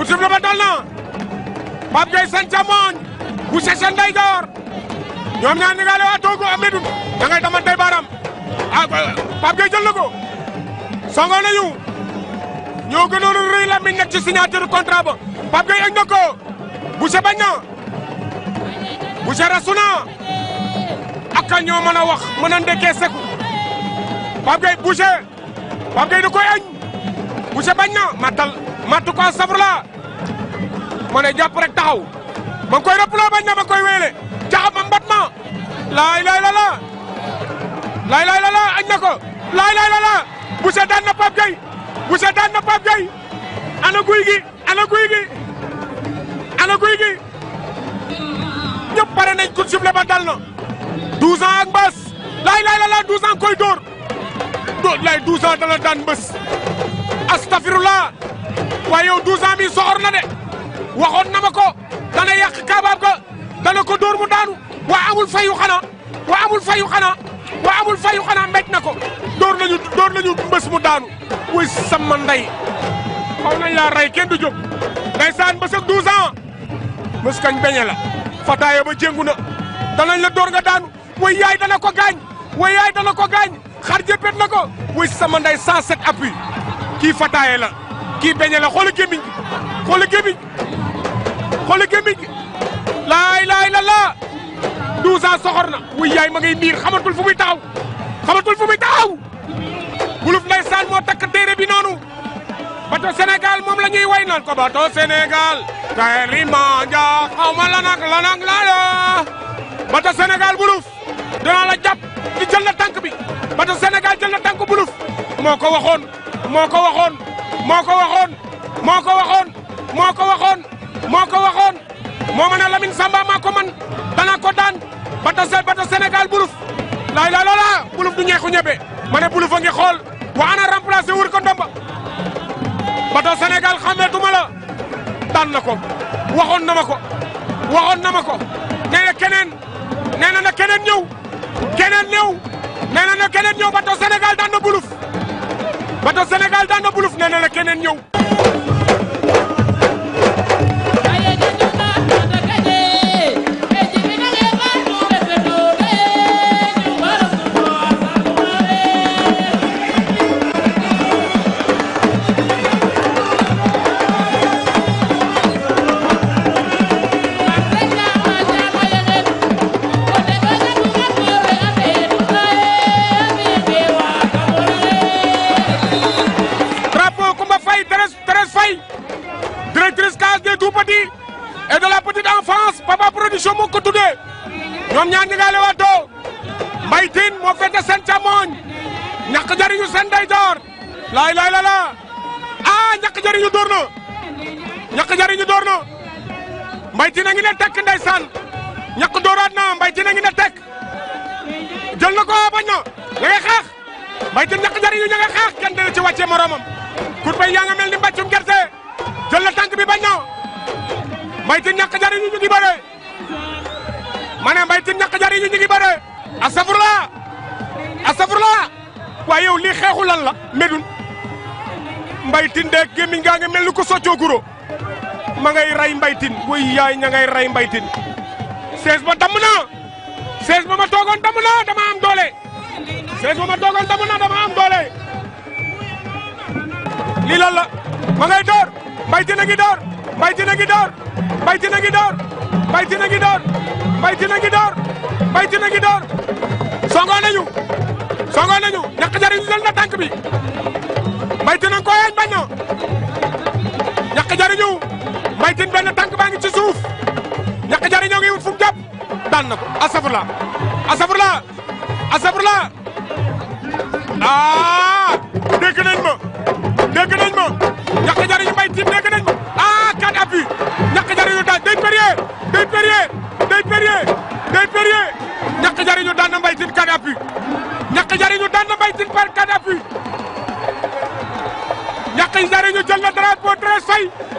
ku tub la ba dal na Pape Gueye seen càmmoñ Boucher seen ndeyjoor ñoom ñaar ñi nga le waatoo ko am ngay damantey baram ah Pape jël na ko songo nañu ñoo gënoon a la mi ci signature contrat ba Pape Gueye egg na ko Boucher bañ na Boucher rasu na ak ñoo mën wax mën a ndekkee seku Pape Gueye Boucher Pape Gueye da koy añ Boucher bañ na matal matu ko safrla ma ne jàpp rek taxaw ma ngi koy rëpp loo bañ na ma koy weele caxam ma mbat ma laay laay la laa laay laay la laa añ na ko laay laay la laa Boucher daan na Pape Gueye Boucher daan na Pape Gueye ana guy gi ana guy guy gi ñëpp pare nañ ko suble ba dal na 12 ans ak mbas laay laay la laa 12 ans koy dóor dóor laay 12 ans daan mbës astafirullah waaye yow 12 ans na de waxoon na ma ko dana yàq kaabaab ga dana ko dóor mu daanu waa amul fayu xanaa waa amul fayu xanaa waa amul fayu xanaa na ko dóor nañu dóor nañu mbës mu daanu wuy sama ndey xaw nañ laa rey kenn du jóg ndeysaan ba sa 12 ans kañ beñe la fataaya ba jéngu na danañ la dóor nga daanu way yaay dana ko gaañ way yaay dana ko gaañ xar jëppet na ko wuy sama ndey 107 appui kii fataaye la kii beñe la xoola gémmiñ xoola gémmiñ xoolal gémmiñ gi laay laay la laa douze ans soxor na wuy yaay ma ngay niir xamatul fu muy taxaw xamatul fu muy taxaw buluf ndeysaan moo takk téere bi noonu bato Sénégal moom la ñuy ko bato Sénégal tayri manja xaw ma lanak lanak la bato Sénégal buluf danaa la jàpp di jël na tànk bi bato Sénégal jël na tànk buluf moo ko waxoon moo ko waxoon moo ko waxoon moo ko waxoon moo ko dana ko daan bata bata Sénégal buluf laay la loola buluf du ñeexu ñebe ma ne buluf a ngi xool wa ana remplacé wër ko ndomba bata Sénégal xameetuma la daan na ko waxoon na ma ko waxoon na ma ko nee na keneen nee na na keneen ñëw keneen ñëw nee na na keneen ñëw bato Sénégal daan na buluf bato Sénégal daan na buluf nee na na keneen ñëw Sencha production moo ko tuddee ñoom ñaar ñi nga lewaatoo Mbaye Tine moo fete seen càmmoñ ñàkk jariñu seen ndeyjoor laay laay la la ah ñàkk jariñu door na ñàkk jariñu door na Mbaye Tine a ngi ne tekk ndeysaan ñàkk dooraat na Mbaye Tine a ngi ne na ko ah, bañ na la ngay xeex Mbaye Tine jariñu ña ngay xeex kenn na tànk bi bañ na Mbaye jariñu ñu ngi mane ne Mbaye yi ñu ngi bëre astafurlaa astafurlaa waaye yow lii xeexu lan la medun Mbaye Tine de gémmiñ gaa ngi mel ni ko soccoo guro ma ngay ray Mbaye Tine yaay ña ngay ray Mbaye sees ba damm na sees ba ma toogoon damm na dama am doole sees ba ma toogoon damm na dama am doole lii lan la ma ngay door gi Tine a gi door Mbaye Tine ngi door Mbaye Tine ngi door Mbaye Tine ngi door songoon nañu songoon nañu ñàkk jariñ jël na tànk bi Mbaye Tine nga ko yeeñ bañ na ñàkk benn tànk baa ngi ci suuf ñàkk jariñoo ngi wut fu mu jàpp daan na ko asafurla asafurla asafurla ah. ñàkk jariñu daan na Mbaye Tine par canapui ñàkk jariñu jël na drapeau Thérèse Faye